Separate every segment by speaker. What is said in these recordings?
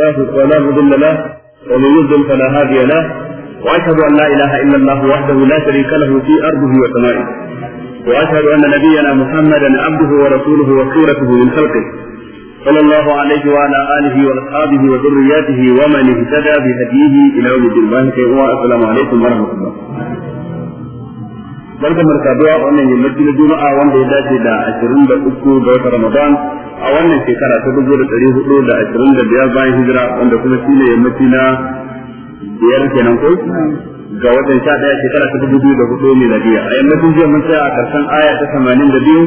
Speaker 1: لا ولا مضل له ومن يضلل فلا هادي له واشهد ان لا اله الا الله وحده لا شريك له في ارضه وسمائه واشهد ان نبينا محمدا عبده ورسوله وسورته من خلقه صلى الله عليه وعلى اله واصحابه وذرياته ومن اهتدى بهديه الى يوم الدين والسلام عليكم ورحمه الله barka markaduwa wannan yammaci na juma'a wanda ya dace da 23 ga watan ramadan a wannan shekara ta dubu da ɗari hudu da ashirin da biyar bayan hijira wanda kuma shi ne yammaci na biyar kenan ko ga watan sha ɗaya shekara ta dubu biyu da hudu miladiya a yammacin jiya mun tsaya a karshen aya ta tamanin da biyu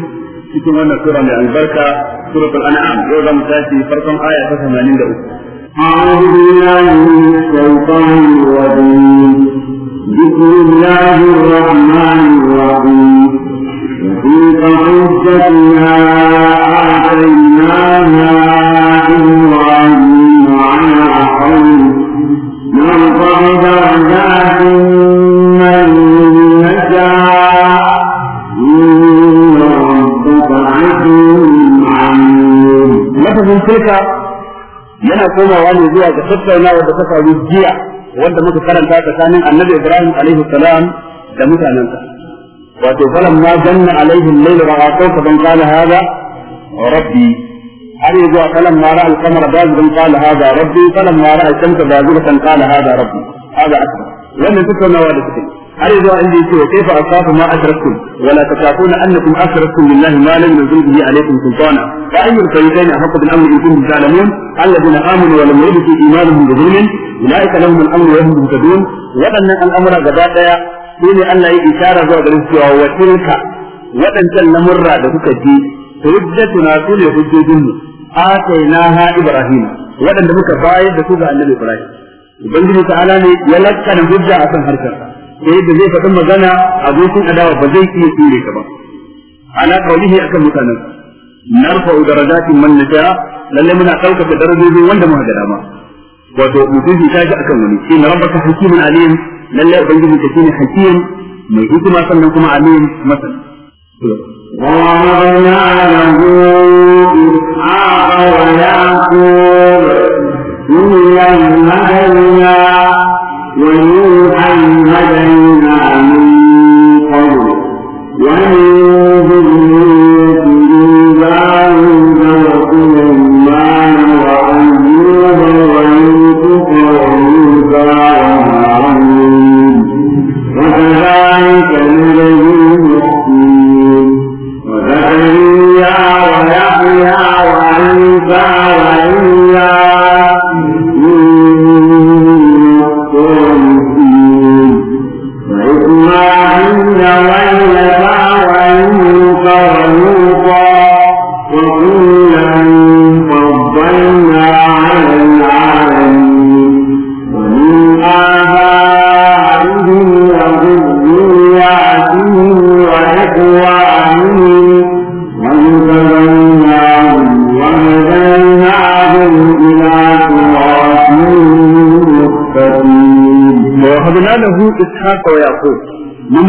Speaker 1: cikin wannan sura mai albarka suratul an'am yau za mu tashi farkon aya ta tamanin da
Speaker 2: uku أعوذ بالله من الشيطان الرجيم بسم الله الرحمن الرحيم وتلك حجتنا آتيناها إبراهيم على قومه نرفع درجات من نشاء إن ربك عزيز عليم لفظ تلك
Speaker 1: yana komawa ne zuwa ga tattaunawa da ta faru jiya wanda muka karanta tsakanin annabi Ibrahim alaihi salam da mutanensa wato falan ma janna alaihi al-layl ra'a kawkaban qala hadha rabbi har yanzu a falan ma ra'a al-qamara bazidan qala hadha rabbi falan ma ra'a al-shamsa bazigatan qala hadha rabbi hadha akbar wannan tattaunawa da suke har yanzu a inda yake wa kaifa asafu ma ashraktum wa la takafuna annakum ashraktum billahi ma lam yunzil bihi alaykum sultana fa ayyul fariqayn ahqqu bil amri in kuntum ta'lamun alladhina amanu wa lam yulbisu imanuhum bi dhulmin ulaika lahum al-amru wa hum muhtadun wadannan al-amra gaba daya su ne Allah ya isara zuwa garin cewa wa tilka waɗancan lamurra da kuka ji hujjatuna su ne hujjojinmu ha ibrahim waɗanda muka bayar da su ga annabi ibrahim ubangiji ala ne ya lakkana hujja akan harkar sai da zai faɗi magana abokin adawa ba zai iya tsire ka ba ana kaulihi akan mutanen narfa'u darajatin man nasha lalle muna ɗaukaka darajoji wanda muka ga dama wato mutunci ta ji akan wani shi na rabbaka hakimin alim lallai ubangiji ka shine hakim mai hikima sannan kuma alim masal
Speaker 2: ووهبنا له إسحاق ويعقوب كلا هدينا ونوحا هدينا من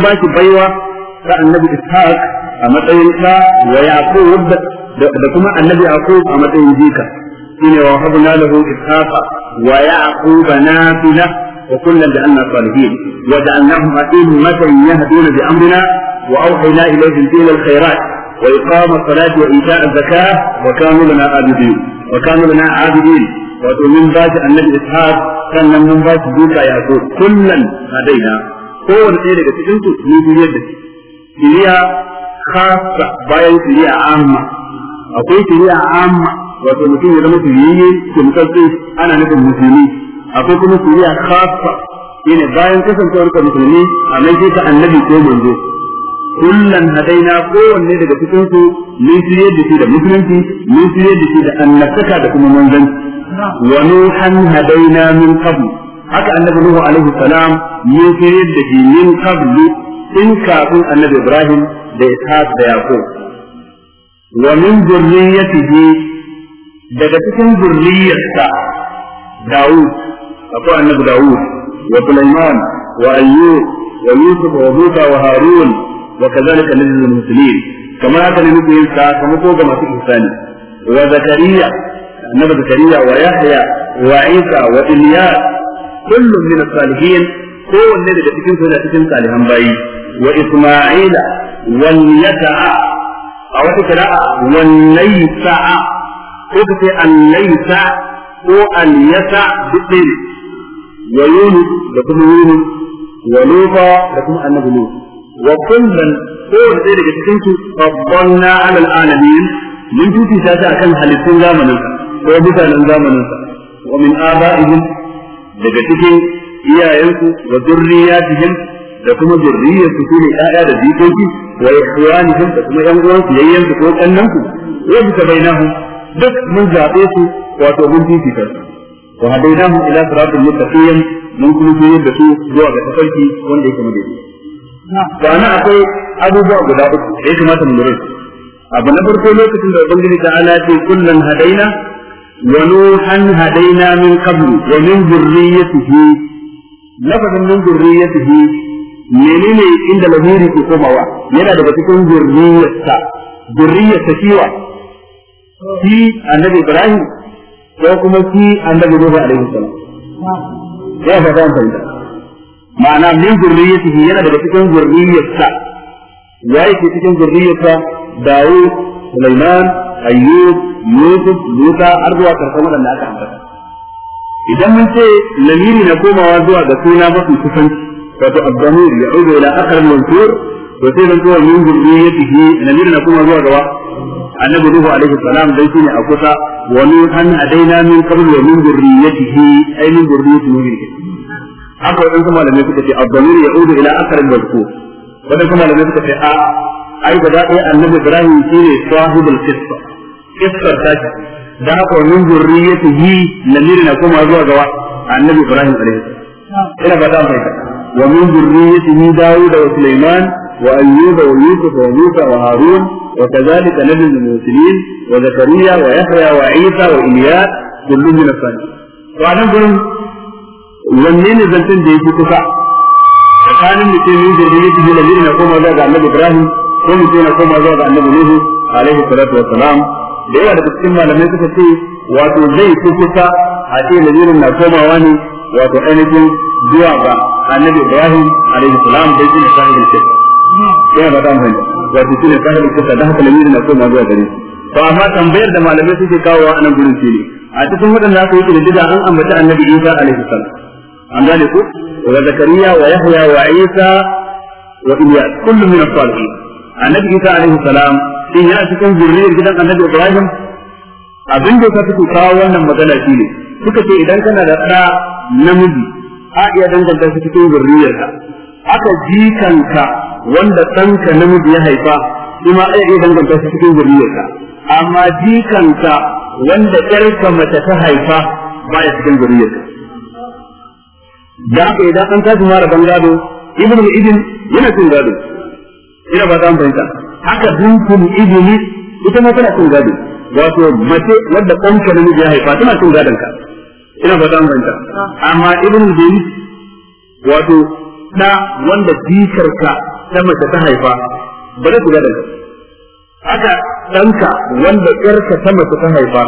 Speaker 1: ba shi baiwa ta annabi ishaq a matsayin ka wa yaqub da kuma annabi yaqub a matsayin jika shine wa habna lahu ishaq wa yaqub nafila wa kullan bi anna salihin wa ja'alnahum a'immatan yahduna bi amrina wa awhayna ilayhim ila alkhairat wa iqam as-salati wa ita az-zakah wa kanu lana abidin wa kanu lana abidin wato min ba shi annabi ishaq sannan mun ba shi duka yaqub kullan hadaina kowane ɗaya daga cikin su ne duniyar da shi shiriya khassa bayan shiriya amma akwai shiriya amma wato mutum ya zama shiriye ke mutsatsi ana nufin musulmi akwai kuma shiriya khassa shine bayan kasancewar ka musulmi a mai ka annabi ko manzo kullan hadaina kowanne daga cikin su mun shirye da shi da musulunci mun shirye da shi da annabtaka da kuma manzanci wa nuhan hadaina min qabl haka annabi nuhu alaihi salam ya tsayar da shi min qablu in kafin annabi ibrahim da ishaq da yaqub wa min zurriyyatihi daga cikin zurriyyarsa dawud akwai annabi dawud wa sulaiman wa ayyub wa yusuf wa musa wa harun wa kadhalika nabiyul muslimin kamar haka ne muke yin ko ga masu ihsani wa zakariya annabi zakariya wa yahya wa isa wa ilyas kullum min salihin kowanne daga cikin su cikin salihan bayi wa isma'ila wal yata'a a wata kira'a wal laysa'a ko ce an ko an yasa duk ne wa yunus da kuma yunus wa da kuma annabi lut wa kullum kowanne daga cikin mun ta akan halittun ko mutanen zamanin sa min daga cikin iyayensu wa zurriyatihim da kuma zurriyatu su ne ƴaƴa da dikoki wa ikhwanihim da kuma ƴan uwansu yayyansu ko kannansu wa bi tabainahum duk mun zabe su wato mun ji su wa hadainahum ila siratin mustaqim mun kuma koyar da su zuwa ga tafarki wanda yake da ana akwai abubuwa guda uku da ya kamata mu lura. Abu na farko lokacin da Ubangiji ta ala ce kullum hadaina ونوحا هدينا من قبل ومن ذريته لفظ من ذريته menene inda lamiri ke komawa yana daga cikin zurriyarsa zurriyarsa kiwa shi annabi Ibrahim ko kuma shi annabi Nuhu alaihi salam ya fa ban fahimta ma'ana min zurriyatihi yana daga cikin zurriyarsa ya yake cikin zurriyarsa Dawud Sulaiman Ayyub yusuf musa har zuwa karshen waɗanda aka ambata idan mun ce lamiri na komawa zuwa ga suna mafi kusanci wato abdamir ya aure ila akhar mansur to sai zan zuwa min zurriyatihi lamiri na komawa zuwa gaba annabi ruhu alaihi salam dai shine a kusa wa min an adaina min qabl wa min zurriyatihi ay min zurriyati nuhu haka wadansu malamai suka ce abdamir ya aure ila akhar mansur wadansu malamai suka ce a ai gaba ɗaya annabi ibrahim shine sahibul qissa iskar ce. da haka wannan zurriyatihi lamiri na koma zuwa ga annabi Ibrahim alaihi ina ba dan faita wa min zurriyatihi Dawud wa Sulaiman wa Ayyub wa Yusuf wa Musa wa Harun wa kadhalika nabi al-mursalin wa Zakariya wa Yahya wa Isa wa Ilyas kullun min as-salihin to anan gurin wanne ne zancen da yake kusa tsakanin mutum ne da yake da lamiri na koma zuwa ga annabi Ibrahim ko mutum na koma zuwa ga annabi Nuhu alaihi salatu wa salam da yawa daga cikin malamai suka ce wato zai fi kusa a ce lazirin na komawa ne wato ainihin zuwa ga annabi ibrahim alaihi salam da yake sahibin kisa yana ba ta mahimmanci wato shi ne sahibin kisa da haka lazirin na komawa zuwa gare shi to amma tambayar da malamai suke kawowa a nan gurin shi ne a cikin waɗanda aka yi kididdiga an ambaci annabi isa alaihi salam an gane ku wa zakariya wa yahya wa isa wa ilyas kullum min as-salihin annabi isa alaihi salam din yana cikin zuriyar gidan annabi Ibrahim abin da suka fi kawo wannan magana shi ne suka ce idan kana da ɗa namiji a iya danganta shi cikin zuriyarka aka kanka wanda ɗanka namiji ya haifa kuma a iya danganta shi cikin zuriyarka amma kanka wanda ɗarka mace ta haifa baya cikin zuriyarka da aka idan an tashi mara bangado ibnu ibn yana cin gado ina ba ta fahimta haka bintul iblis ita ma tana cin gado wato mace wadda ɗanka namiji ya haifa tana cin gadon ka ina ba dan banta amma ibnu bin wato da wanda bikar ka ta mace ta haifa ba da kula da ka haka ɗanka wanda yarka ta mace ta haifa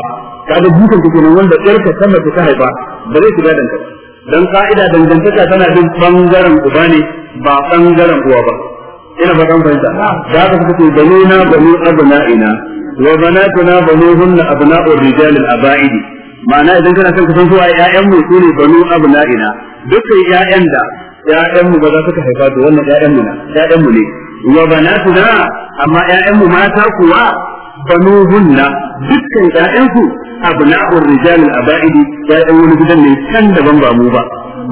Speaker 1: kaga bikar ka kenan wanda yarka ta mace ta haifa ba zai kula da ka dan ka'ida dangantaka tana bin bangaren uba ne ba bangaren uwa ba ina ba kan fahimta da aka suka ce banuna banu abna'ina wa banatuna banuhunna abna'ur rijal al-aba'id ma'ana idan kana son ka san su ne ƴaƴan mu sune banu abna'ina dukkan ƴaƴan da ƴaƴan mu ba za su ka haifa to wannan ƴaƴan mu na ƴaƴan mu ne wa na amma ƴaƴan mu mata kuwa banuhunna dukkan ƴaƴan su abna'ur rijal al-aba'id ƴaƴan wani gidan ne kan daban ba mu ba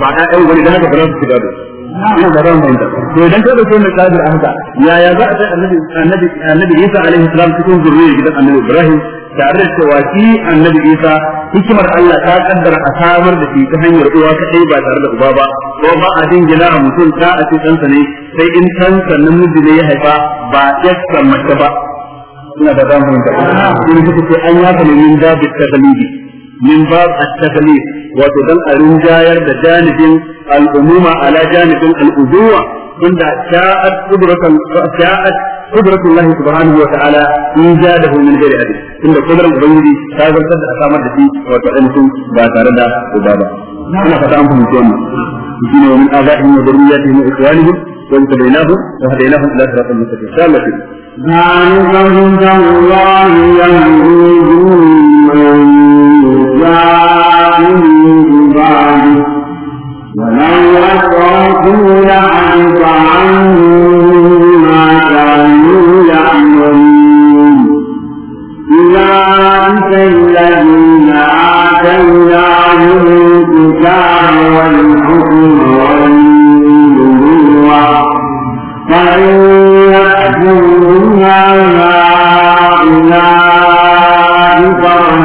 Speaker 1: ba ƴaƴan wani da haka ba za su shiga da ina da ran mai to idan ka dauke mai kadir a haka yaya za a sai annabi annabi annabi Isa alaihi salam cikin zuriyar gidan annabi Ibrahim tare da cewa shi annabi Isa hikimar Allah ta kaddara a samar da shi ta hanyar uwa kadai ba tare da uba ba ko ba a dingina a mutum ta a ce ɗansa ne sai in ɗansa namiji ne ya haifa ba yasta mace ba ina da ran mai da kuma kuka ce an yafa ne da bi min bab at-taklif wato dan a rinjayar da janibin al-umuma ala janibin al-ubuwa tunda sha'at qudratan sha'at qudratu Allah subhanahu wa ta'ala ijadahu min ghairi adl tunda qudran ubangiji ta zartar da samar da shi wato ainihin ba tare da uba ba ina fata an fahimci wannan shi ne min azaihim wa dhurriyyatihim wa ikhwanihim وانتبيناهم وهديناهم الى صراط المستقيم. ذلك
Speaker 2: هدى الله يهدي جزاء بذلك ولو أشركوا لحبط عنهم ما كانوا يعملون أولئك الذين آتيناهم الكتاب والحكم والنبوة فإن يأتوا بها هؤلاء فقد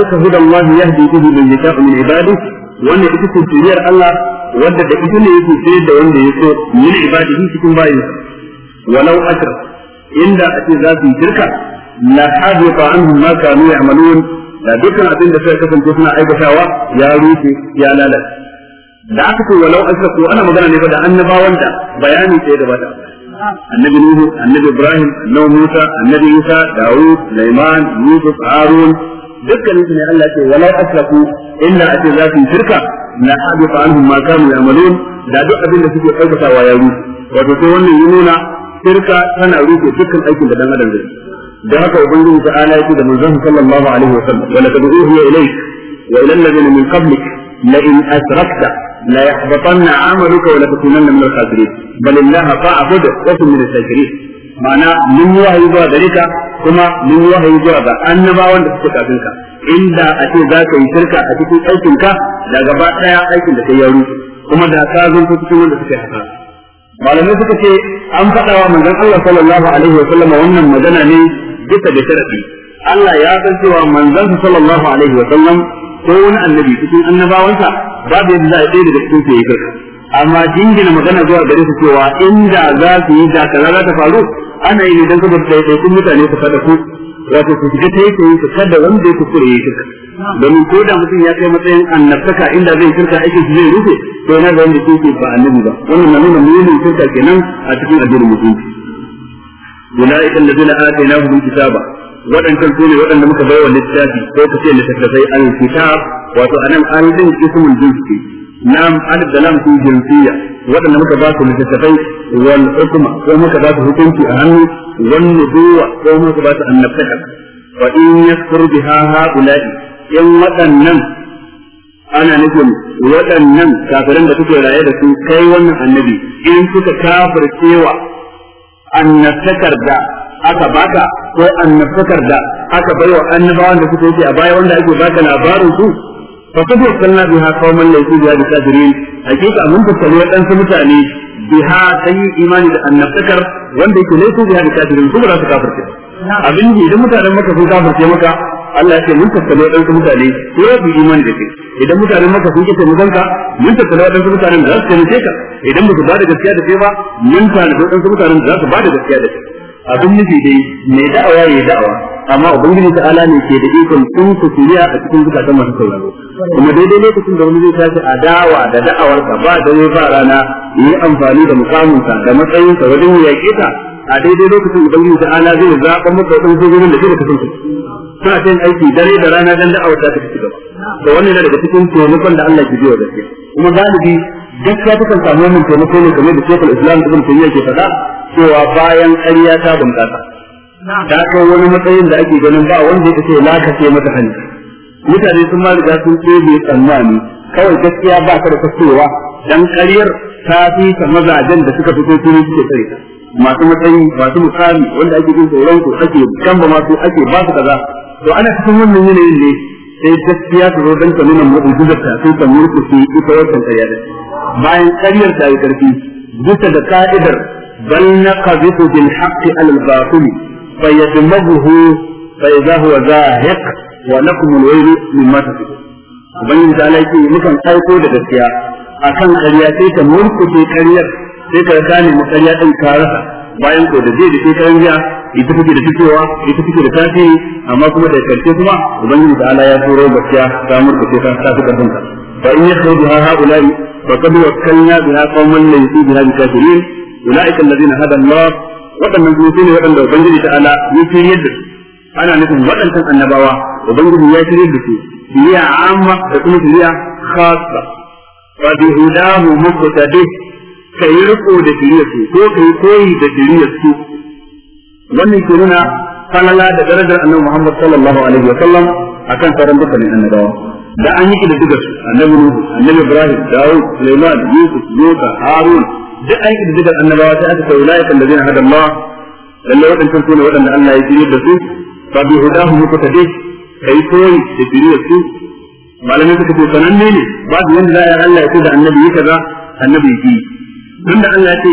Speaker 1: zalika hudallahi yahdi bihi man yasha'u min ibadihi wannan ita ce shiriyar Allah wanda da ita ne yake ce da wanda ya so min ibadihi cikin bayinsa walau ashra inda ake za su yi shirka la habita anhum ma kanu ya'malun da dukkan abin da suka kasance suna aikatawa ya rufe ya lalace da aka ce walau ko ana magana ne ba da annabawan da bayani sai da bada annabi nuhu annabi ibrahim annabi musa annabi isa dawud sulaiman yusuf harun dukkan su ne Allah ce walau asraku illa a ce za su shirka la habita anhum ma kanu ya'malun da duk abin da suke aikatawa ya rufe wato sai wannan yi nuna shirka tana rufe dukkan aikin da dan adam zai da haka ubangiji ta ala yake da manzon sallallahu alaihi wa sallam wala tad'uhu ilayk wa ila alladhina min qablik la in asrakta la yahbatanna 'amaluka wa la takunanna min al-khasirin bal illaha fa'budu wa kun min al-shakirin ma'ana mun wahayi zuwa gare ka kuma mun wahayi zuwa ga annabawan da suke kafin ka inda a ce za ka yi shirka a cikin aikin ka da gaba daya aikin da kai ya rushe kuma da ka zanto cikin wanda suke haka malamai suka ce an faɗa wa manzon Allah sallallahu alaihi wa sallam wannan magana ne bisa da sharadi Allah ya san cewa manzon sallallahu alaihi wa sallam ko wani annabi cikin annabawansa babu yadda za a ɗaya daga cikin su yi shirka amma jingina magana zuwa gare su cewa inda za su yi da za ta faru ana yi don saboda da yake kun mutane su fada ku wato ku shiga ta yake su fada wanda ya kuskure ya shirka domin ko da mutum ya kai matsayin annabtaka inda zai shirka aikin shi zai rufe to na da wanda ke ba annabi ba wannan na nuna muhimmin shirka kenan a cikin addinin musulunci ulai kan ladina atayna hum kitaba wadannan sune wadanda muka bayar wa littafi ko ku ce littafai al-kitab wato anan al-din ismun jinsi nam al-dalam fi jinsiyyah waɗanda muka ba su littattafai wal hukuma ko muka ba su hukunci a hannu wal nubuwa ko muka ba su annabtaka fa in yakfur biha haula'i in waɗannan ana nufin waɗannan kafirin da suke raye da su kai wannan annabi in suka kafircewa annabtakar da aka baka ko annabtakar da aka bai wa annabawan da suka yake a baya wanda ake baka labarin su fa kadu sanna biha qauman laysu biha bikafirin hakika mun fuskare wadansu mutane biha sai imani da annabtakar wanda yake laysu biha bikafirin su ba su kafirce abin da idan mutanen maka sun kafirce maka Allah ya ce mun tattale waɗansu mutane ko bi imani da kai idan mutanen maka sun kike musanka mun tattale waɗansu mutanen za su taimake ka idan ba su ba da gaskiya da kai ba mun tattale waɗansu mutanen da za su ba gaskiya da kai abin nufi dai mai da'awa ya yi da'awa amma ubangiji ta ala ne ke da ikon sun su kuriya a cikin zukatan masu sauraro kuma daidai lokacin da wani zai tashi dawa da da'awar ka ba dare ba rana yi amfani da mukaminsa da matsayinsa wajen yaƙe ta a daidai lokacin ubangiji ta ala zai zaɓa maka waɗansu sojojin da zai su suna cin aiki dare da rana dan da'awar ta ta ci gaba da wannan daga cikin taimakon da Allah ke biyo da shi kuma galibi gaskiya ta kan samu wannan taimako ne kamar da Sheikhul Islam Ibn Taymiyyah ke faɗa cewa bayan ƙarya ta bunƙasa ta kai wani matsayin da ake ganin ba wanda ya ce la ka ce mata hanci mutane sun ma riga sun ce bai tsammani kawai gaskiya ba ka da kasowa dan ta fi ta mazajen da suka fito tuni suke tsare masu matsayi masu mukami wanda ake jin tsoron ku ake kamba masu ake ba su kaza to ana cikin wannan yanayin ne sai gaskiya ta zo dan ta nuna mu'ujizar ta sai ta murkushe ita wannan ƙarya bayan ƙaryar ta yi ƙarfi bisa da ka'idar bal naqadhu bil haqqi al batil فيدمغه فإذا هو زاهق ولكم الويل مما تصفون ubangiji ta alaiki mukan aiko da gaskiya akan ƙarya sai ka murkushe ƙaryar sai ka ka nemi ƙarya ɗin ka rasa bayan ko da zai da ke ƙarin jiya ita take da fitowa ita take da tasiri amma kuma da karshe kuma ubangiji ta ala ya turo gaskiya ta murkushe ka ta fi ba ka fa in yasau biha haula'i fa qad wakkalna bi qauman laysu biha bikafirin ulaika alladhina hada Allah waɗannan kuma su ne waɗanda ubangiji ta ala ya shirye da su ana nufin waɗancan annabawa ubangiji ya shirye da su shiriya amma da kuma shiriya khassa fa bi hudahu muqtadi kai riko da shiriyar su ko kai koyi da shiriyar su wannan ke nuna falala da darajar annabi Muhammad sallallahu alaihi wa sallam akan sauran dukkanin annabawa da an yi da duka su annabi Nuhu annabi Ibrahim Dawud Sulaiman Yusuf Yoka Harun duk an da da annabawa sai aka kai ulaikan da zina hada Allah lalle waɗancan su ne waɗanda Allah ya jiri da su fa bi hudahu Ka yi koyi da jiri su malamai suka ce sananne ne su yanzu za a yi Allah ya ce da annabi yi kaza annabi yi tunda Allah ya ce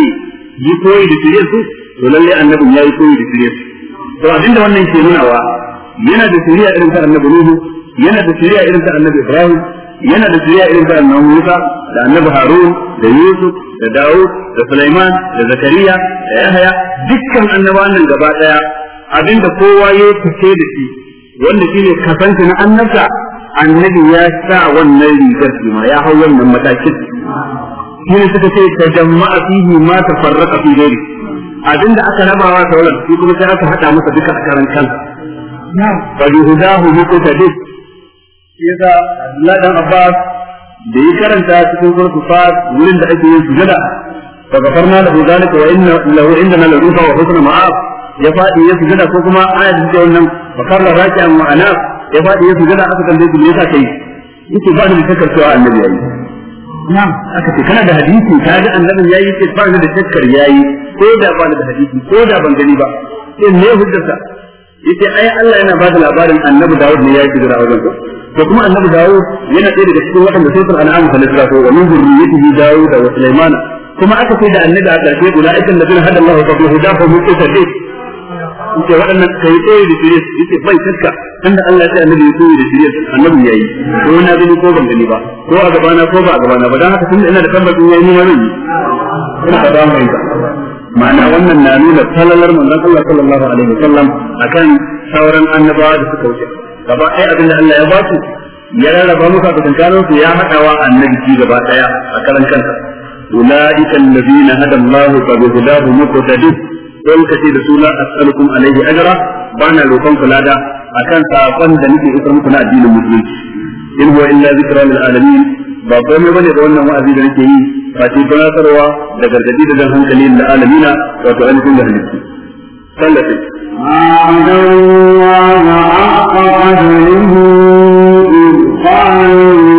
Speaker 1: yi koyi da jiri su to lalle ya yi koyi da jiri su to abinda wannan ke nunawa yana da a irin ta annabi Nuhu yana da a irin ta annabi Ibrahim yana da a irin ta annabi Musa da annabi Harun da Yusuf da Dawud da Sulaiman da Zakariya da Yahaya dukkan annabawan nan gaba daya abinda kowa ya fice da shi wanda kasance na annabta annabi ya sa wannan rigar shi ma ya hau wannan matakin shine suka ce ta jama'a fihi ma tafarraqa fi ghairi abinda aka rabawa sauran shi kuma sai aka haɗa masa duka a karan kansa fa yuhdahu bi kutadid yasa ladan abbas da yi karanta cikin suratul fat wurin da ake yin sujada fa gafarna lahu zalika wa inna lahu indana al-ruha wa husna ma'ab ya fadi ya sujada ko kuma aya da wannan fa karra raki'an wa ana ya fadi ya sujada aka tambaye shi me kai yake ba da shakkar cewa annabi yayi na'am aka ce kana da hadisi ka ga annabi yayi yake ba da shakkar yayi ko da ba da hadisi ko da ban gani ba sai me hujjarsa yace ai Allah yana ba da labarin annabi Dawud ne yayi sujada wajen sa da kuma annabi dawo yana ɗaya daga cikin waɗanda sai sun an'amu fa lisrafo wa min zurriyyatihi dawo da wa sulaiman kuma aka sai da annabi a ƙarshe ulaiika alladhina hada Allahu fa bihi hudafa min qisati yace waɗannan kai tsaye da shirye yace bai shakka tunda Allah ya ce annabi ya tsaye da shirye annabi yayi ko na gani ko ban gani ba ko a gabana ko ba a gabana ba dan haka tunda ina da tabbacin yayi ni ma zan yi ina ba mai ma'ana wannan na nuna talalar manzon Allah sallallahu alaihi wasallam akan sauran annabawa da suka wuce gaba ɗaya abinda Allah ya ba su ya rarraba muka da kankanin su ya haɗawa annabi ci gaba ɗaya a karan kansa ulaika alladhina hada Allah fa bi hudahu muqtadi don kace da suna as'alukum alaihi ajra bana roƙon kulada akan sakon da nake isar muku na addinin musulunci in huwa illa zikra lil alamin ba komai bane da wannan wa'azi da nake yi Fati sai da gargadi da dan hankali lil alamin wato an kun وعد الله حق قدره إذ قالوا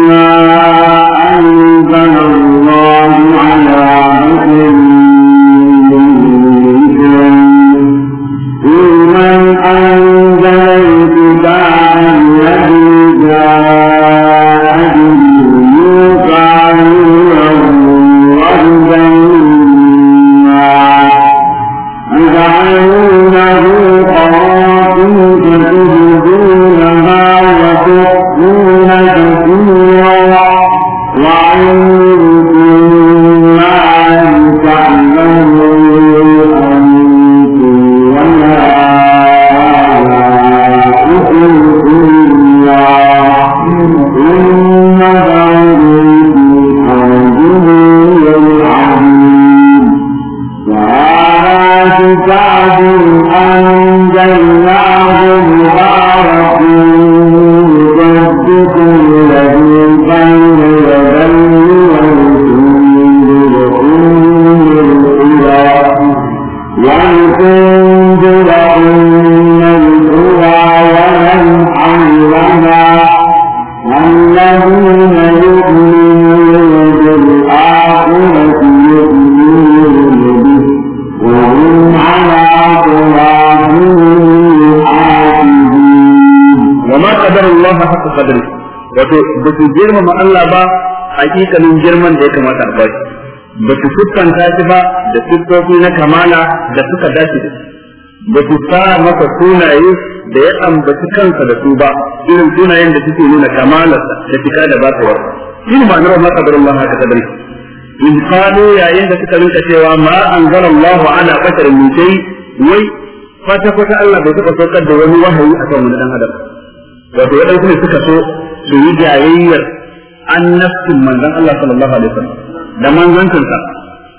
Speaker 1: ba su girmama Allah ba hakikalin girman da ya kamata a ba su siffanta shi ba da siffofi na kamala da suka dace da ba su fara masa sunaye da ya ambaci kansa da su ba irin sunayen da suke nuna kamalar da fita da ba ta shine ma'anar ma qadarullah haka kadari in kano yayin da suka rinka cewa ma anzalallahu ala basharin min shay wai fata fata Allah bai suka saukar da wani wahayi a kan wani dan adam wato waɗansu ne suka so da yi jayayyar naftin manzon Allah sallallahu alaihi wasallam da manzancinsa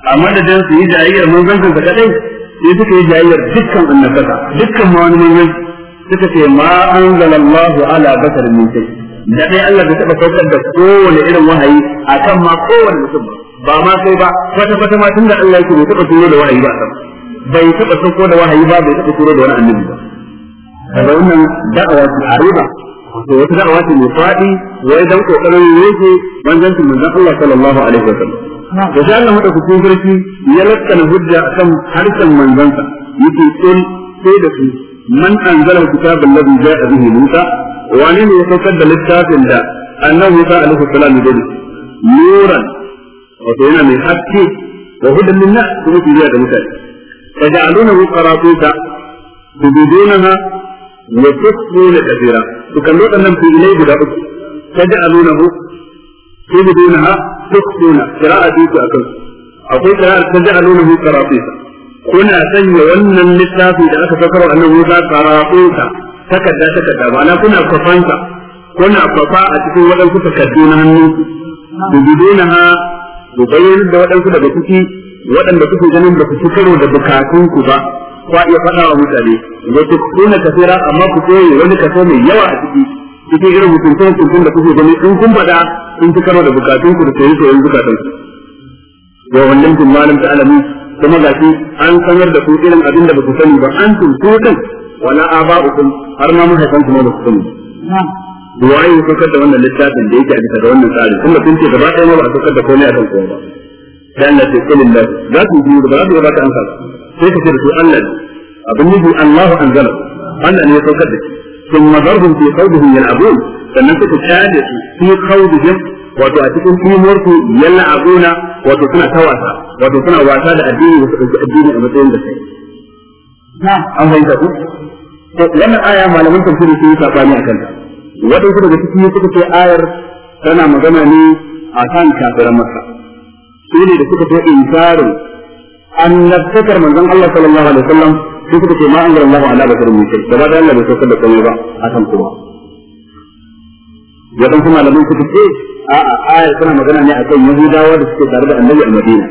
Speaker 1: a madadin su yi jayayyar manzancinsa kadai sai suka yi jayayyar dukkan annabaka dukkan ma wani suka ce ma anzalallahu ala basar min shay da dai Allah bai taba saukar da kowane irin wahayi akan ma kowane mutum ba ma sai ba kwata kwata ma tunda Allah yake bai taba turo da wahayi ba bai taba sauko da wahayi ba bai taba turo da wani annabi ba kaga wannan da'awa su ariba to wata da'awa ce mai faɗi wai dan kokarin yake manzancin manzon Allah sallallahu alaihi wa wasallam da sai Allah mata hukun sarki ya lakkana hujja akan harshen manzansa yake kun sai da su man anzala kitab alladhi ja'a bihi Musa wani ne ya saukar da littafin da annabi Musa alaihi salam ya dace nuran wato yana mai haske da hudan linnas kuma kiriya da mutane فجعلونه قراطيسا تبدونها وتخفون كثيرا su kallo waɗannan fi'ilai guda uku taj'alunahu tubdunaha tukhfuna qira'a biyu akan akwai ta a qira'a taj'alunahu qarafisa kuna sanya wannan littafi da aka sakar annabi Musa qarafisa takarda takarda ma'ana kuna kwafansa kuna kwafa a cikin waɗansu takardu na hannunku tubdunaha ku bayyana da waɗansu daga ciki waɗanda kuke ganin ba ku ci karo da bukatun ku ba kwa iya faɗa wa mutane wa kuna kasira amma ku koyi wani kaso mai yawa a ciki cikin irin mutuntun kuntun da kuke gani in kun faɗa in ci karo da bukatun ku da sayi sayan bukatun ku wa wannan kun malam ta alamu kuma ga shi an sanar da ku irin abin da ba ku sani ba an tuntu kan wala aba'ukum har ma mahaifan ku ma ba ku sani duwaye ku da wannan littafin da yake a bisa ga wannan tsari kuma kun ce gaba ɗaya ma ba a tukar da komai a kan kowa ba dan na ce kullu za ku da ba za ku ba ta an sa sai ka ce da su Allah ne abin nufi Allahu anzala Allah ne ya saukar da shi sun ثم ضربهم في خوضهم يلعبون sannan suka kyale su su da khawdihim wato a cikin kimorku yal'abuna wato suna ta wasa wato suna wasa da addini wasu ɗauki addini a matsayin da sai an fahimta ku to wannan aya malaman tafsiri sun yi sabani a ta waɗansu daga ciki suka ce ayar tana magana ne a akan kafiran masa su ne da suka ce inkarin an annabtakar manzon Allah sallallahu alaihi wasallam sai suka ce ma an gara Allah ala basarun mai da ba da Allah bai saukar da komai ba a san kan kowa wadan kuma malamin suka ce a a ayar tana magana ne akan yahudawa da suke tare da annabi a Madina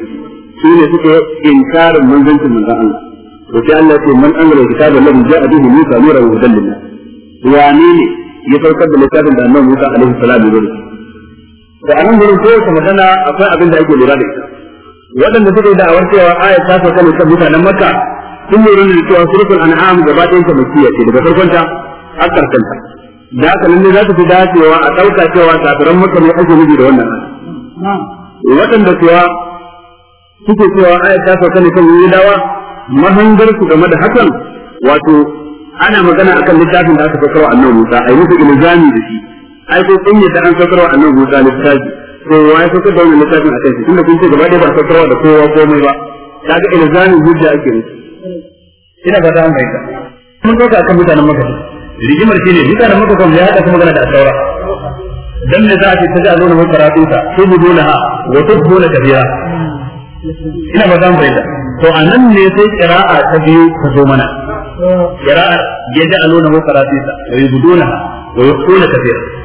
Speaker 1: su ne suke inkarin manzancin manzon Allah to sai Allah ce man an gara kitabul ladhi ja'a bihi Musa nuran wa hudan lillah wani ne ya saukar da littafin da annabi Musa alaihi salam ya zo da shi da anan gurin kowace magana akwai abin da ake lura da ita waɗanda suka yi da'awar cewa ayat ta sauka ne kan mutanen makka sun yi da cewa surukul an'am gaba ɗayan ta mai ce daga farkon ta a karshen ta da haka nan ne za ta fi dacewa a ɗauka cewa kafiran makka ne ake nufi da wannan waɗanda cewa suke cewa ayat ta sauka ne kan yahudawa mahangar su game da hakan wato ana magana akan littafin da aka saukarwa annabi Musa ai musu ilzami da shi ai ko kun yadda an saukarwa annabi Musa littafi to wai so ka dauna littafin akan shi tunda kun ce gaba ɗaya ba saukarwa da kowa komai ba kaga ilzamin hujja ake nufi ina fata an bayyana mun dauka akan mutanen maka rigimar shine mutanen maka kan ya haɗa kuma gana da saura dan ne za a ce ta ji a zauna mai karatu ta sai mu dole ha wa tubbuna kabira ina fata an bayyana to anan ne sai qira'a ta biyu ta zo mana qira'a ya ji a zauna mai karatu ta wa yubduna wa yaqulu kabira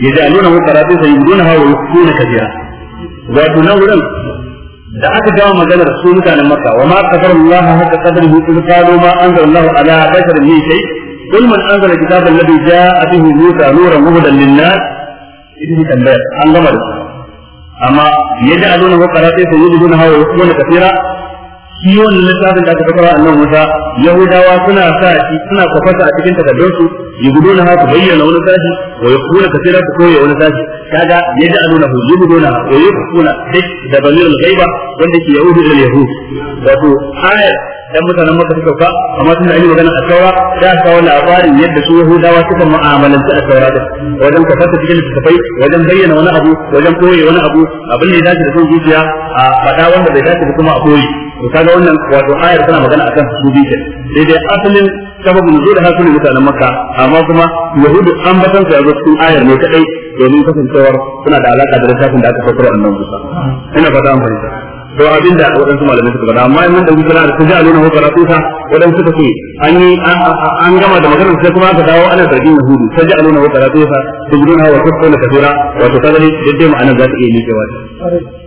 Speaker 1: yaj'alunahu qaratisa yubdunaha wa yukhfuna kathira wato wurin da aka gama maganar su mutanen makka wa ma qadara Allah haka qadarihi in qalu ma anzala Allah ala basharin min shay قل من أنزل الكتاب الذي جاء به موسى نورا وهدى للناس إذن تنبيه أن غمر أما يجعلونه قراطيس يجدونها ويخفون kafira. shi wannan littafin da aka kafa annabi Musa Yahudawa suna sa shi suna kwafata a cikin takardunsu yuguduna ha ku bayyana wani sashi wa yakuna kathira ku koyi wani sashi kaga yadda aluna hu yuguduna wa yakuna dik da balil ghaiba wanda ke yahudu da yahud wato ayar dan mutanen maka suka ka amma tunda an yi magana a tsawa da aka wani labarin yadda su yahudawa suka mu'amalanta a tsawa da wajen ka fata cikin littattafai wajen bayyana wani abu wajen koyi wani abu abin da ya dace da son zuciya a faɗa wanda bai dace da kuma a koyi to kaga wannan wato ayar tana magana akan su bi ke sai dai asalin sababu nuzul ha kullu mutanen makka amma kuma yahudu an batan sa yazo cikin ayar ne kadai domin kasancewar suna da alaka da littafin da aka fakar annabi Musa ina fata an fahimta to abin da waɗansu malamai suka faɗa amma in mun dauki sana'a ta ja'aluna wa qara'uha waɗansu suka ce an yi an gama da maganar sai kuma aka dawo ana zargin yahudu ta ja'aluna wa qara'uha tujruna wa tuqtuna kafira wato kaga dai daddai ma'anar za ta iya miƙewa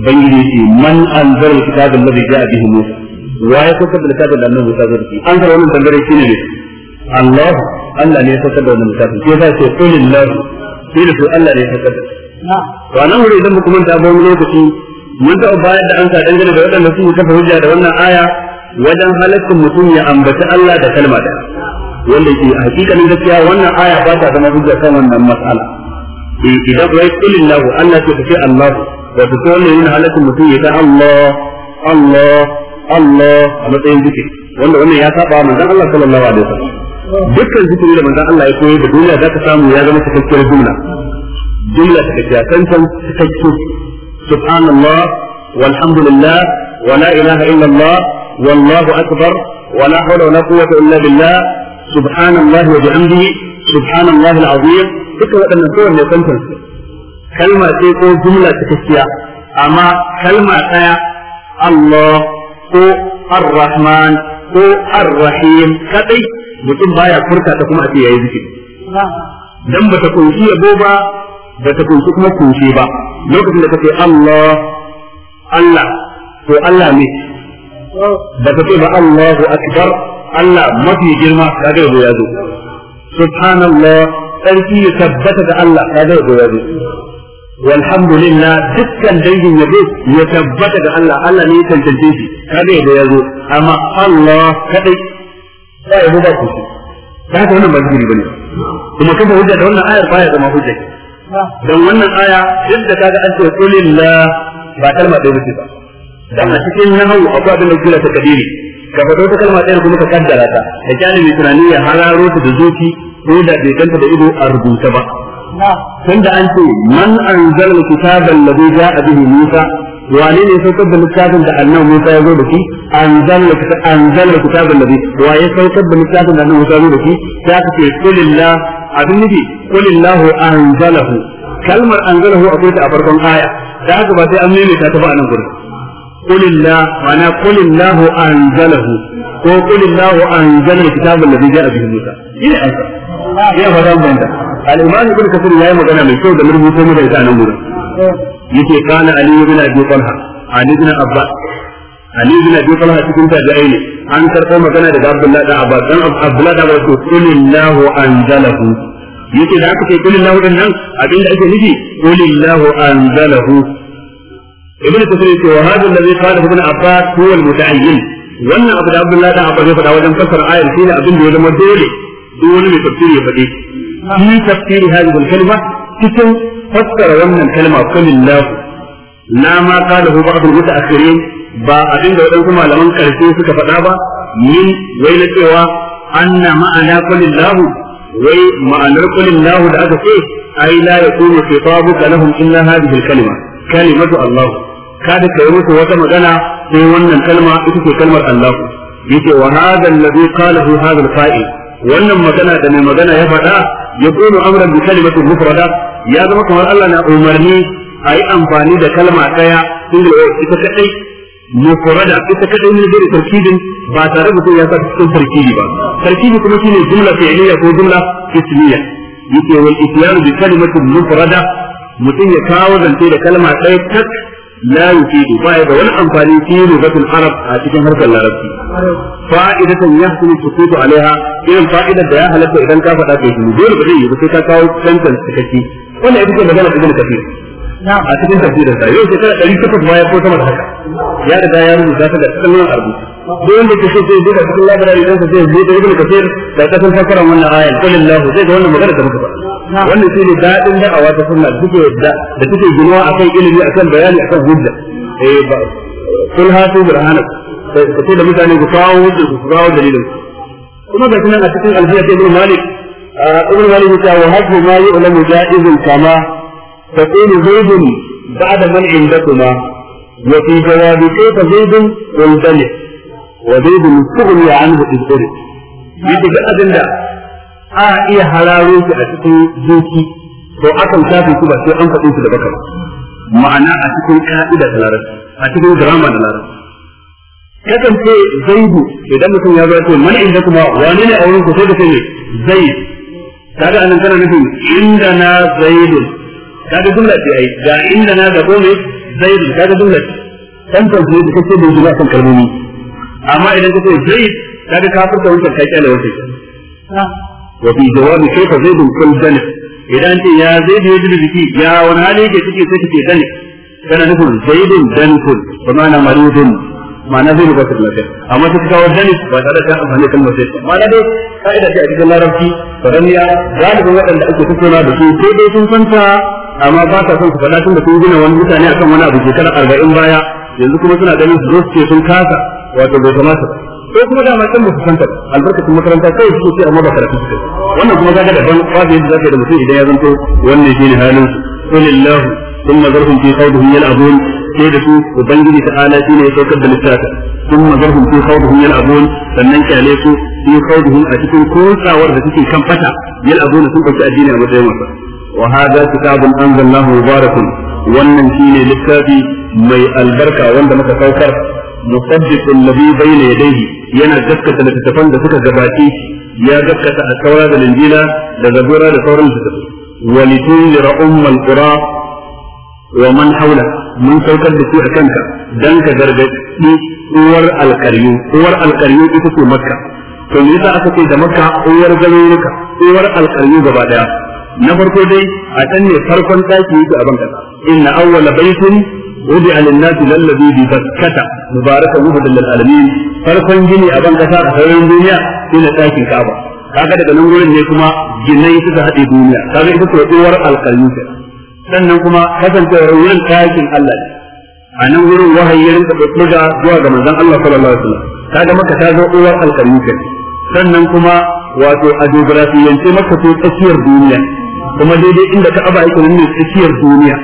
Speaker 1: ubangiji yake man anzara alkitaba alladhi a bihi Musa wa ya saukar da littafin da annabi Musa zai an zara wannan tambare shi ne Allah Allah ne ya saukar da wannan littafin sai za ce qul lillahi sai da Allah ne ya saukar da to wuri idan muka manta ba wani lokaci mun taɓa bayar da ansa dangane da waɗanda suke kafa hujja da wannan aya wajen halaccin mutum ya ambaci Allah da kalma da wanda ke hakikanin gaskiya wannan aya ba ta zama hujja kan wannan mas'ala eh, idan wai kulillahu Allah ce ku ce Allah wato ko wannan yana halakin mutum ya ta Allah Allah Allah a matsayin zikiri wanda wannan ya saba manzon Allah sallallahu alaihi wasallam dukkan zikiri da manzon Allah ya koyar da duniya zaka samu ya zama cikakkiyar jumla jumla cikakkiya tantan cikakke subhanallah walhamdulillah ولا إله إلا الله والله أكبر ولا حول ولا قوة إلا بالله سبحان الله وبحمده سبحان الله العظيم duka waɗannan kowanne kantansu kalma ce ko jumla ta tafiya amma kalma ɗaya Allah ko Ar-Rahman ko Ar-Rahim kadai mutum baya furta ta kuma a ce yayi zikiri dan ta kunshi yabo ba ta kunshi kuma kunshi ba lokacin da kace Allah Allah ko Allah ne bata ce ba Allahu akbar Allah mafi girma kaga yabo ya zo subhanallah sarki ya tabbata da Allah kaga yabo ya zo walhamdulillah dukkan dangin yabo ya tabbata ga Allah Allah ne ya tantance shi kada da yazo amma Allah kadai ba yabo ba ku ta ga wannan ban gini bane kuma kafa hujja da wannan ayar baya zama wannan aya duk kaga an ce qulillah ba kalma ɗaya bace ba dan a cikin nahawu akwai abin da kula ta kadiri ka fado ta kalma ɗaya kuma kaddara ta da tunani ya da zuci ko da bai da ido a rubuta ba tunda an ce man anzala alkitaba alladhi ja'a bihi Musa wane ne saukar da littafin da annabi Musa ya zo da shi anzalna anzalna kitabul ladhi wa ya saukar da littafin da annabi Musa ya zo da shi ya ce kulillahi abin nufi kulillahu anzalahu kalmar anzalahu akwai ta a farkon aya da haka ba sai an nemi ta ba nan gurin kulillahi ma'ana kulillahu anzalahu ko kulillahu anzalna kitabul ladhi ja'a bihi Musa ina ya
Speaker 3: ina fadan banda
Speaker 1: al-imam ibn kasir yayi magana mai kyau da mun rubuto mu da ita nan gurin yace kana ali ibn abi talha ali ibn abbas ali ibn abi talha cikin tabi'ai ne an karɓo magana daga abdullahi da abbas dan abdullahi da abbas kulillahu anzalahu yace da aka ce kulillahu din nan abinda ake nufi kulillahu anzalahu ibn kasir yace wa hadha alladhi qala ibn abbas huwa al-muta'ayyin wannan abu da abdullahi da abbas ya faɗa wajen fassara ayar shine abin da ya zama dole duk mai tafsiri ya faɗi في تفسير هذه الكلمة تكون فسر ومن كلمة قل الله لا ما قاله بعض المتأخرين با أبين دولان كما لمن كرسين سكا فتابا من ويلتوا أن معنى قل الله وي معنى قل الله لأكسي أي لا يكون خطابك لهم إلا هذه الكلمة كلمة الله كانت كلمة وتمدنا في ومن كلمة إتكي كلمة الله yace wa hadha alladhi qalahu hadha alqa'il wannan magana da mai magana ya faɗa yaqulu amran bi kalimatin mufrada ya zama kamar Allah na umarni yi amfani da kalma daya single tare da mutum ya sa cikin mutum ya kawo zance da kalma daya tak la amfani arab a cikin harkar larabci fa'idatan yahsulu sukutu alaiha irin fa'idar da ya halatta idan ka faɗa kai shi dole ba zai yi ba sai ka kawo tantan cikakke wannan ita ce magana ibn kafir a cikin tafsirin sa yau shekara ɗari takwas baya ko sama da haka ya riga ya rubuta ta da kalmar arbu duk wanda ke so sai duka cikin labarai idan sa sai buɗe ibn kafir da kasan fasaran wannan ayan kulillahu zai ga wannan magana da muka faɗa wannan shi ne daɗin da'awa ta sunna duk da da take ginuwa akan ilimi akan bayani akan hujja eh ba kul hatu ka ce da mutane ku kawo hujjar ku kawo dalilin kuma ga sunan a cikin alfiya ta ibn malik ibn malik ya wa hadu ma yi yu'lamu ja'izun kama taqulu zaidun ba'da man kuma. wa fi jawabi kayfa zaidun wal dalil wa zaidun tughni anhu al-dhurr yadda ga abin da a iya hararo shi a cikin zuci to akan shafe ku ba sai an faɗi shi da baka ma'ana a cikin ka'ida da larabci a cikin drama da larabci kasance zaidu idan mutum ya zo ce mana inda kuma wane ne a wurin ku sai da kai zaid kaga anan kana nufin inda na zaidun kaga jumla ce ai ga inda na gabo ne zaidun kaga jumla ce kan kan zaidu kace da jumla kan kalmomi amma idan ka kace zaid kaga ka furta wancan kai kyale wace ah. wa fi jawabi ka zaidun kul dana idan ce ya zaidu ya jibi biki ya wani hali yake ciki sai kace dana kana nufin zaidun dankun kuma na marudun ma'ana zai bukatar lafiya amma sai kawo dani ba tare da amfani kalmar sai ma'ana dai ka'ida ce a cikin larabci faraniya galibin waɗanda ake tattauna da su sai dai sun santa amma ba sa son su faɗa tun da sun gina wani mutane akan wani abu shekara arba'in baya yanzu kuma suna ganin su zo su ce sun kasa wato bai kamata ko kuma dama can musu santa albarkacin makaranta kai su ce amma ba karatu su wannan kuma kaga daban babu yadda zaka yi da mutum idan ya zanto wannan shine halin su qulillahu thumma zarhum fi qawlihim yal'abun sai da su ubangiji ta ala shi ne ya saukar da littafi sun mazarhum fi khawdihim yal'abun sannan kyale su sun fi khawdihim a cikin kotsawar da suke kan fata yal'abun sun ɗauki addini a matsayin wasa wa hadha kitabun anzalallahu mubarakun wannan shi ne littafi mai albarka wanda muka saukar musaddiqul ladhi bayna yadayhi yana gaskata littafan da suka gabaci ya gaskata a saura da linjila da zabura da sauran littafai ولتنذر أم القرى wa man haula mun saukar da shi a kanka dan ka gargaɗi uwar alkaryu uwar alkaryu ita ce makka to me yasa aka ce da makka uwar garuruka uwar alkaryu gaba daya na farko dai a can ne farkon taki yake a banka inna awwala baitin wudi'a lin-nasi lalladhi bi bakkata mubarakan hudan lil-alamin farkon gini a banka a sararin duniya shine takin Ka'aba kaga daga nan gurin ne kuma ginai suka haɗe duniya kaga ita ce uwar alkaryu kenan sannan kuma kasancewar wurin kayakin Allah ne a nan wurin wahayi ya rinka daga zuwa ga manzon Allah sallallahu alaihi wasallam kaga maka ta zo uwar alƙarni ke sannan kuma wato a geografiyance maka to tsakiyar duniya kuma daidai inda ka aba yake nan ne tsakiyar duniya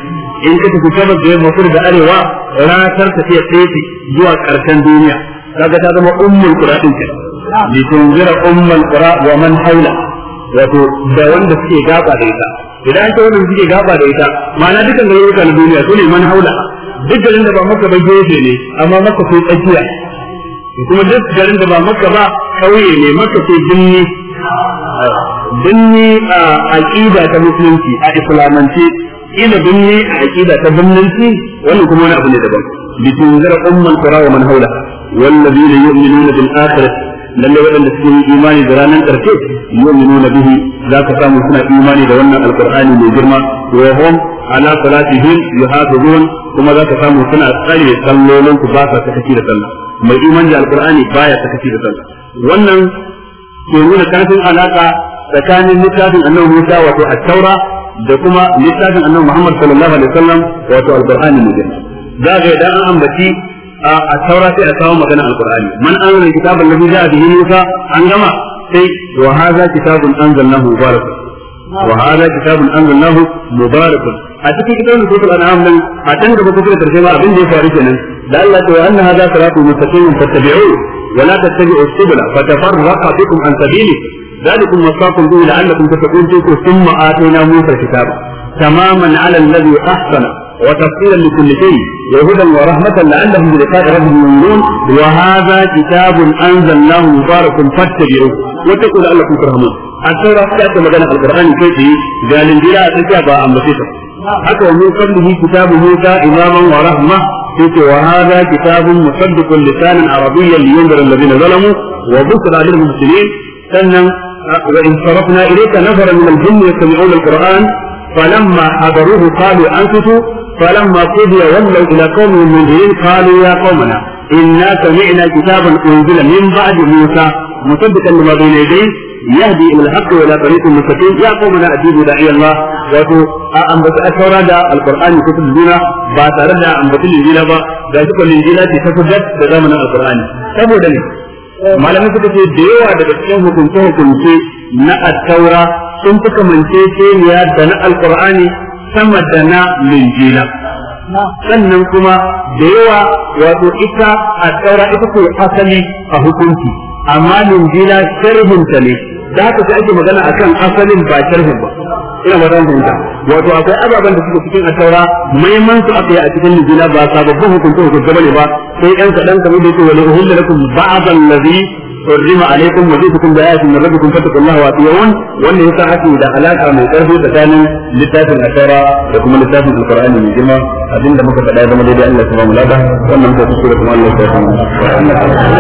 Speaker 1: in ka tafi ta da yamma kudu da arewa ratar tafiya tsefi zuwa ƙarshen duniya kaga ta zama ummul qura din ke litunzira ummul qura wa man haula wato da wanda suke gaba da ita idan an tawo da suke gaba da ita ma'ana dukkan garuruka na duniya su ne man haula duk garin da ba maka ba gefe ne amma maka ko tsakiya kuma duk garin da ba maka ba kauye ne maka ko binni binni a aqida ta musulunci a islamance ila binni a aqida ta binninci wannan kuma wani abu ne daban litunzira umman qura wa man haula والذين يؤمنون بالآخرة lalle waɗanda suke yi imani da ranar ƙarshe yu'minuna bihi za ka samu suna imani da wannan Alƙur'ani mai girma wa hum ala salatihim yuhafizun kuma za ka samu suna tsare sallolin ku ba sa sakaci da sallah mai iman da alqur'ani baya sakaci da sallah wannan ke nuna karfin alaka tsakanin littafin annabi Musa wato at-Taura da kuma littafin annabi Muhammad sallallahu alaihi wasallam wato Alƙur'ani mai girma za ga idan an ambaci a taura sai a kawo magana alqur'ani man anzala kitaban ladhi ja'a bihi musa an gama sai wa hadha kitabun anzalnahu mubarakun wa hadha kitabun anzalnahu mubarakun a cikin kitabun sura al-an'am nan a can gaba ko karshe ma abin da ya faru kenan da Allah ta wa anna hadha siratun mustaqim fattabi'uhu wa la tattabi'u subula fatafarraqa bikum an sabilihi ذلكم وصاكم به لعلكم تتقون ثم آتينا موسى الكتاب تماما على الذي أحسن وتفصيلا لكل شيء وهدى ورحمة لعلهم بلقاء ربهم يؤمنون وهذا كتاب أنزلناه مبارك فاتبعوه واتقوا لعلكم ترحمون التوراة تأتي مجال القرآن كيفي قال إن بلا أتجاب أم بسيطة حتى ومن قبله كتاب موسى إماما ورحمة وهذا كتاب مصدق لسانا عربيا لينذر الذين ظلموا وبشرى للمسلمين سنة وإن صرفنا إليك نفرا من الجن يستمعون القرآن فلما حضروه قالوا أنصتوا فلما قضي ولوا الى قوم منهم قالوا يا قومنا انا سمعنا كتابا انزل من بعد موسى مصدقا لما بين يديه يهدي الى الحق والى طريق المستقيم يا قومنا اجيبوا داعي الله وكو ان بس اشهر القران كتب الجنه بعد رجع ان بس الجنه با ذلك الجنه تسجد بزمن القران كم دليل malam suka ce da yawa daga cikin hukunce-hukunce na at-taura sun fi kamance ya da na sama da na linjila sannan kuma da yawa wato ita a tsaura ita ce asali a hukunci amma linjila sharhin ta ne da haka sai ake magana akan asalin ba sharhin ba ina magana da fahimta wato akwai ababen da suke cikin asaura maiman su aka yi a cikin linjila ba sababbin hukunci hukunce bane ba sai ɗan kaɗan kamar da yake wani uhilla lakum ba'dan ladhi حرم عليكم وجئتكم بآية من ربكم فاتقوا الله وأطيعون وأن يسعى إذا حلاك من قلبه تكان لتاس الأشارة لكم لتاس في القرآن من جمع أبين لما فتح آدم لدي أن لا تمام لابا وأن نمتع سورة الله
Speaker 3: سبحانه